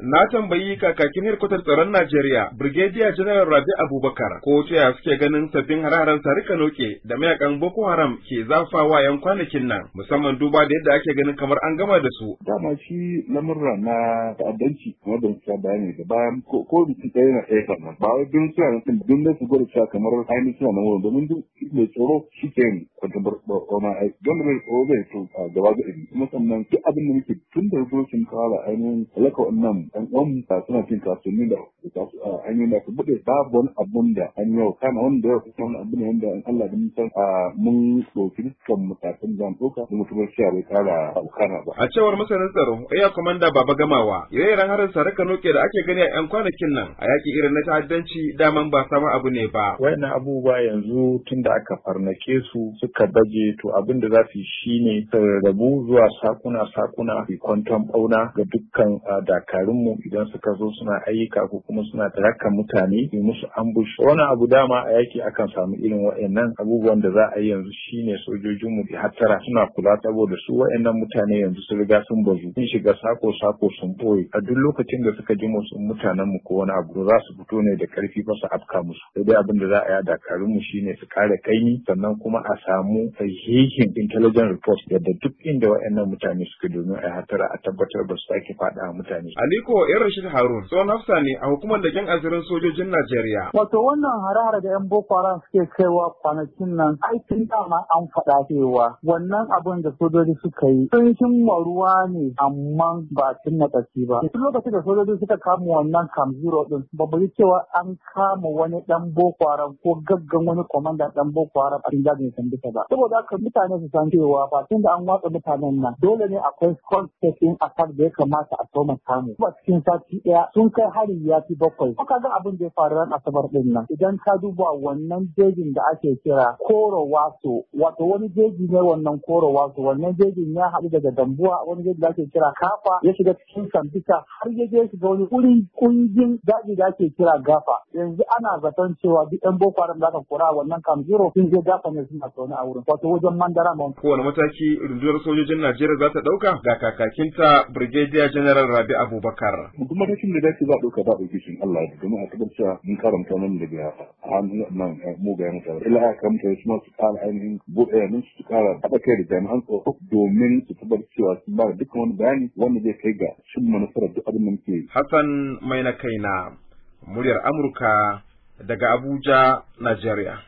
Na tambayi kakakin hirkutar tsaron Najeriya, Brigadier General Rabi Abubakar, ko ta suke ganin sabbin hararen sarika noke da mayakan Boko Haram ke zafawa yan kwanakin nan, musamman duba da yadda ake ganin kamar an gama da su. Dama shi lamurra na ta'addanci kamar da muka bayani da bayan ko mutum ɗaya na ɗaya nan. Ba wai dun suna nan dun na su gwada cewa kamar ainihin suna nan wurin domin duk mai tsoro shi ke yin kwanta barkona ai. Don mai tsoro zai to gaba ga ɗari. Kuma sannan duk abin da muke tun da zuwa sun kawo ainihin alaka wannan ɗan uwan suna cin kasuwanni da ah, hanyoyin da aka buɗe babu wani abun da an yau kana wanda yau kuma wani abu ne wanda in Allah da mutan ah, mun ɗauki dukkan matakan zan ɗauka mu mutumar shi bai ƙara aukana ba. A cewar masanin tsaro iya komanda baba gamawa ire-iren harin saraka noke da ake gani a 'yan kwanakin nan a yaƙi irin na ta'addanci daman ba sama abu ne ba. Wayannan abubuwa yanzu tun da aka farnake su suka baje to abin da za su yi shine su rabu zuwa sakuna-sakuna kwanton ɓauna ga dukkan ah, dakarun mu idan suka zo suna ayyuka ko kuma suna tarakan mutane yi musu ambush wani abu dama a yaki akan samu irin wa'annan abubuwan da za a yi yanzu shine sojojinmu mu hattara suna kula saboda su wa'annan mutane yanzu sun riga sun bazu sun shiga sako sako sun boye a duk lokacin da suka ji musu mutanen mu ko wani abu za su fito ne da karfi ba su afka musu sai dai abin da za a yi a dakarun mu shine su kare kaini sannan kuma a samu sahihin intelligent report yadda duk inda wa'annan mutane suka domin a yi hattara a tabbatar ba su sake faɗa mutane. Ali ko yan Rashid Harun tsohon hafsa ne a hukumar leƙen asirin sojojin Najeriya. Wato wannan harare da yan Boko Haram suke kaiwa kwanakin nan aikin dama an faɗa cewa wannan abin da sojoji suka yi sun cimma ruwa ne amma ba cin na ƙarfi ba. Duk lokacin da sojoji suka kama wannan kam zero ɗin yi cewa an kama wani ɗan Boko Haram ko gaggan wani kwamandan ɗan Boko Haram a cikin dajin Sambisa ba. Saboda haka mutane su san cewa ba tun da an watsa mutanen nan dole ne akwai contact in attack da ya kamata a soma samu. cikin sati ɗaya sun kai hari ya fi bakwai. Kuka ga abin da ya faru ran Asabar ɗin nan idan ka duba wannan jejin da ake kira Koro Waso wato wani jeji ne wannan Koro Waso wannan jejin ya haɗu daga Dambuwa wani jeji da ake kira Kafa ya shiga cikin Sambisa har ya je shiga wani wurin kungin daji da ake kira Gafa yanzu ana zaton cewa duk ɗan Boko Haram da aka kora wannan kam zero sun je Gafa ne suna zaune a wurin wato wajen Mandara Ko Kowane mataki rundunar sojojin Najeriya za ta ɗauka ga kakakinta Birgediya General Rabi Abubakar. dokar. Duk matakin da dace za a ɗauka ba a ɗauke Allah ya domin a tabbatar mun karanta nan daga hannun nan eh, mugayen mutane. Ila aka kamta su ma su ƙara ainihin buɗe mun su ƙara haɗa kai da jami'an tsaro domin su tabbatar cewa sun ba da dukkan wani bayani wanda zai kai ga cin manufarar duk abin da muke. Hassan mai na kaina muryar Amurka daga Abuja, Najeriya.